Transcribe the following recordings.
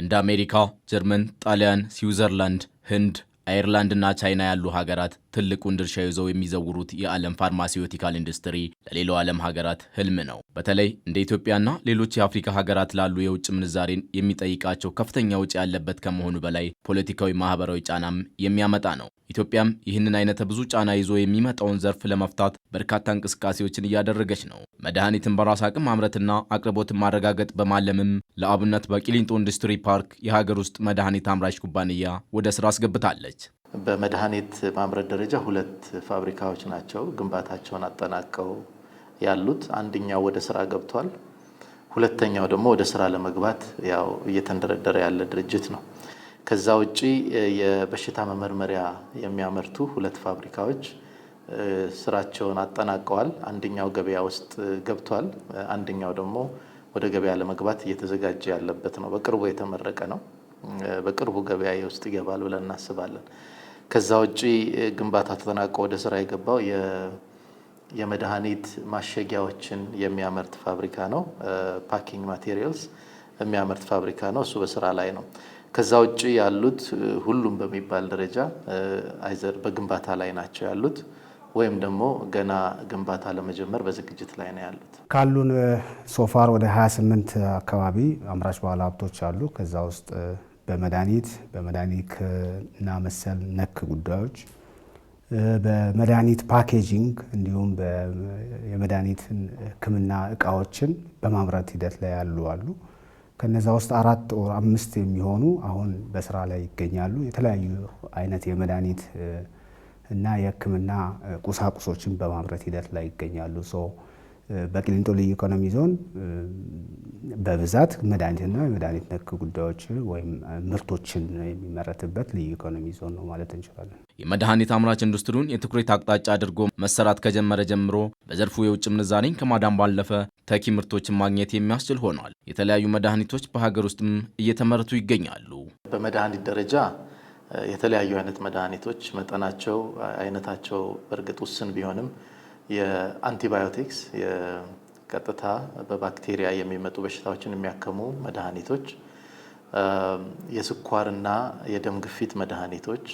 እንደ አሜሪካ፣ ጀርመን፣ ጣሊያን፣ ስዊዘርላንድ፣ ህንድ አየርላንድና ቻይና ያሉ ሀገራት ትልቁን ድርሻ ይዘው የሚዘውሩት የዓለም ፋርማሲውቲካል ኢንዱስትሪ ለሌላው ዓለም ሀገራት ህልም ነው። በተለይ እንደ ኢትዮጵያና ሌሎች የአፍሪካ ሀገራት ላሉ የውጭ ምንዛሬን የሚጠይቃቸው ከፍተኛ ውጪ ያለበት ከመሆኑ በላይ ፖለቲካዊ፣ ማህበራዊ ጫናም የሚያመጣ ነው። ኢትዮጵያም ይህንን አይነተ ብዙ ጫና ይዞ የሚመጣውን ዘርፍ ለመፍታት በርካታ እንቅስቃሴዎችን እያደረገች ነው። መድኃኒትን በራስ አቅም ማምረትና አቅርቦትን ማረጋገጥ በማለምም ለአብነት በቂሊንጦ ኢንዱስትሪ ፓርክ የሀገር ውስጥ መድኃኒት አምራች ኩባንያ ወደ ስራ አስገብታለች። በመድኃኒት ማምረት ደረጃ ሁለት ፋብሪካዎች ናቸው ግንባታቸውን አጠናቀው ያሉት። አንደኛው ወደ ስራ ገብቷል። ሁለተኛው ደግሞ ወደ ስራ ለመግባት ያው እየተንደረደረ ያለ ድርጅት ነው። ከዛ ውጪ የበሽታ መመርመሪያ የሚያመርቱ ሁለት ፋብሪካዎች ስራቸውን አጠናቀዋል። አንደኛው ገበያ ውስጥ ገብቷል። አንደኛው ደግሞ ወደ ገበያ ለመግባት እየተዘጋጀ ያለበት ነው። በቅርቡ የተመረቀ ነው። በቅርቡ ገበያ ውስጥ ይገባል ብለን እናስባለን። ከዛ ውጪ ግንባታ ተጠናቆ ወደ ስራ የገባው የመድኃኒት ማሸጊያዎችን የሚያመርት ፋብሪካ ነው። ፓኪንግ ማቴሪያልስ የሚያመርት ፋብሪካ ነው። እሱ በስራ ላይ ነው። ከዛ ውጭ ያሉት ሁሉም በሚባል ደረጃ አይዘር በግንባታ ላይ ናቸው ያሉት ወይም ደግሞ ገና ግንባታ ለመጀመር በዝግጅት ላይ ነው ያሉት። ካሉን ሶፋር ወደ 28 አካባቢ አምራች ባለ ሀብቶች አሉ። ከዛ ውስጥ በመድኃኒት በመድኃኒትና መሰል ነክ ጉዳዮች በመድኃኒት ፓኬጂንግ እንዲሁም የመድኃኒትን ሕክምና እቃዎችን በማምረት ሂደት ላይ ያሉ አሉ። ከነዛ ውስጥ አራት ወር አምስት የሚሆኑ አሁን በስራ ላይ ይገኛሉ። የተለያዩ አይነት የመድኃኒት እና የሕክምና ቁሳቁሶችን በማምረት ሂደት ላይ ይገኛሉ። ሶ በቂሊንጦ ልዩ ኢኮኖሚ ዞን በብዛት መድኃኒትና የመድኃኒት ነክ ጉዳዮች ወይም ምርቶችን የሚመረትበት ልዩ ኢኮኖሚ ዞን ነው ማለት እንችላለን። የመድኃኒት አምራች ኢንዱስትሪውን የትኩረት አቅጣጫ አድርጎ መሰራት ከጀመረ ጀምሮ በዘርፉ የውጭ ምንዛሬን ከማዳን ባለፈ ተኪ ምርቶችን ማግኘት የሚያስችል ሆኗል። የተለያዩ መድኃኒቶች በሀገር ውስጥም እየተመረቱ ይገኛሉ። በመድኃኒት ደረጃ የተለያዩ አይነት መድኃኒቶች መጠናቸው፣ አይነታቸው በእርግጥ ውስን ቢሆንም የአንቲባዮቲክስ ቀጥታ በባክቴሪያ የሚመጡ በሽታዎችን የሚያከሙ መድኃኒቶች፣ የስኳርና የደም ግፊት መድኃኒቶች፣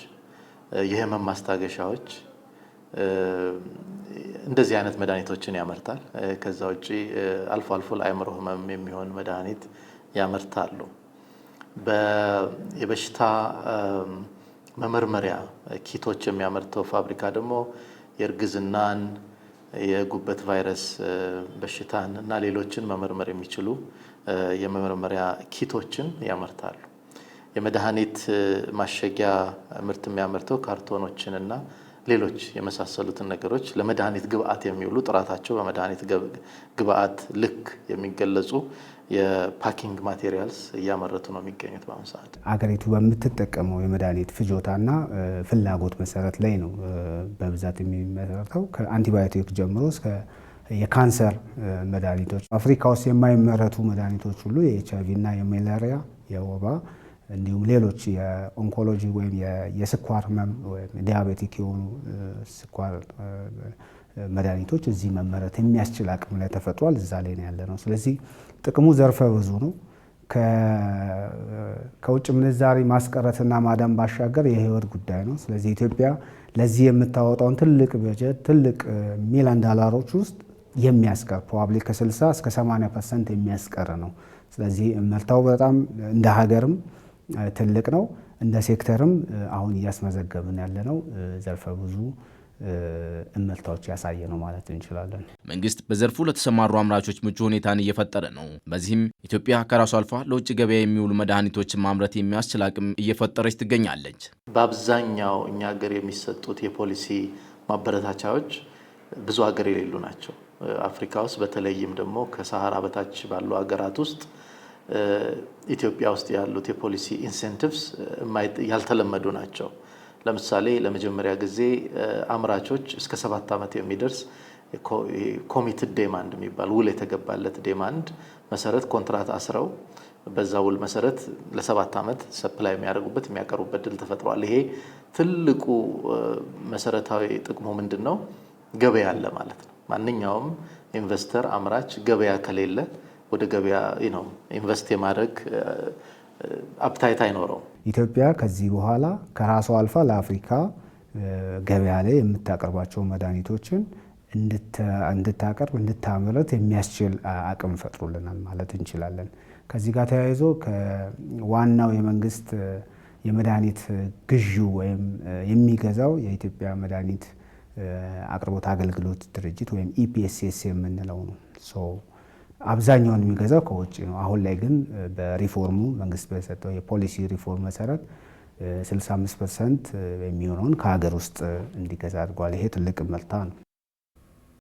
የህመም ማስታገሻዎች እንደዚህ አይነት መድኃኒቶችን ያመርታል። ከዛ ውጭ አልፎ አልፎ ለአእምሮ ህመም የሚሆን መድኃኒት ያመርታሉ። የበሽታ መመርመሪያ ኪቶች የሚያመርተው ፋብሪካ ደግሞ የእርግዝናን የጉበት ቫይረስ በሽታን እና ሌሎችን መመርመር የሚችሉ የመመርመሪያ ኪቶችን ያመርታሉ። የመድኃኒት ማሸጊያ ምርት የሚያመርተው ካርቶኖችን እና ሌሎች የመሳሰሉትን ነገሮች ለመድኃኒት ግብአት የሚውሉ ጥራታቸው በመድኃኒት ግብአት ልክ የሚገለጹ የፓኪንግ ማቴሪያልስ እያመረቱ ነው የሚገኙት። በአሁኑ ሰዓት አገሪቱ በምትጠቀመው የመድኃኒት ፍጆታና ፍላጎት መሰረት ላይ ነው በብዛት የሚመረተው ከአንቲባዮቲክ ጀምሮ እስከ የካንሰር መድኃኒቶች፣ አፍሪካ ውስጥ የማይመረቱ መድኃኒቶች ሁሉ የኤች አይቪ እና የሜላሪያ የወባ እንዲሁም ሌሎች የኦንኮሎጂ ወይም የስኳር ህመም ዲያቤቲክ የሆኑ ስኳር መድኃኒቶች እዚህ መመረት የሚያስችል አቅም ላይ ተፈጥሯል። እዛ ላይ ነው ያለ ነው። ስለዚህ ጥቅሙ ዘርፈ ብዙ ነው። ከውጭ ምንዛሪ ማስቀረትና ማዳን ባሻገር የህይወት ጉዳይ ነው። ስለዚህ ኢትዮጵያ ለዚህ የምታወጣውን ትልቅ በጀት ትልቅ ሚሊዮን ዶላሮች ውስጥ የሚያስቀር ፕሮባብሊ ከ60 እስከ 80 ፐርሰንት የሚያስቀር ነው። ስለዚህ እመርታው በጣም እንደ ሀገርም ትልቅ ነው። እንደ ሴክተርም አሁን እያስመዘገብን ያለነው ዘርፈ ብዙ እመልታዎች ያሳየ ነው ማለት እንችላለን። መንግስት በዘርፉ ለተሰማሩ አምራቾች ምቹ ሁኔታን እየፈጠረ ነው። በዚህም ኢትዮጵያ ከራሱ አልፋ ለውጭ ገበያ የሚውሉ መድኃኒቶችን ማምረት የሚያስችል አቅም እየፈጠረች ትገኛለች። በአብዛኛው እኛ ሀገር የሚሰጡት የፖሊሲ ማበረታቻዎች ብዙ ሀገር የሌሉ ናቸው። አፍሪካ ውስጥ በተለይም ደግሞ ከሰሃራ በታች ባሉ ሀገራት ውስጥ ኢትዮጵያ ውስጥ ያሉት የፖሊሲ ኢንሴንቲቭስ ያልተለመዱ ናቸው። ለምሳሌ ለመጀመሪያ ጊዜ አምራቾች እስከ ሰባት ዓመት የሚደርስ ኮሚትድ ዴማንድ የሚባል ውል የተገባለት ዴማንድ መሰረት ኮንትራት አስረው በዛ ውል መሰረት ለሰባት ዓመት ሰፕላይ የሚያደርጉበት የሚያቀርቡበት ድል ተፈጥሯል። ይሄ ትልቁ መሰረታዊ ጥቅሙ ምንድን ነው? ገበያ አለ ማለት ነው። ማንኛውም ኢንቨስተር አምራች ገበያ ከሌለ ወደ ገበያ ነው ኢንቨስት የማድረግ አፕታይት uh, uh, አይኖረውም። ኢትዮጵያ ከዚህ በኋላ ከራሷ አልፋ ለአፍሪካ uh, ገበያ ላይ የምታቀርባቸው መድኃኒቶችን እንድታቀርብ እንድታመረት የሚያስችል አቅም ፈጥሮልናል ማለት እንችላለን። ከዚህ ጋር ተያይዞ ከዋናው የመንግስት የመድኃኒት ግዢው ወይም የሚገዛው የኢትዮጵያ መድኃኒት አቅርቦት አገልግሎት ድርጅት ወይም ኢፒኤስኤስ e የምንለው ነው። አብዛኛውን የሚገዛው ከውጭ ነው። አሁን ላይ ግን በሪፎርሙ መንግስት በሰጠው የፖሊሲ ሪፎርም መሰረት 65 ፐርሰንት የሚሆነውን ከሀገር ውስጥ እንዲገዛ አድርጓል። ይሄ ትልቅ መልታ ነው።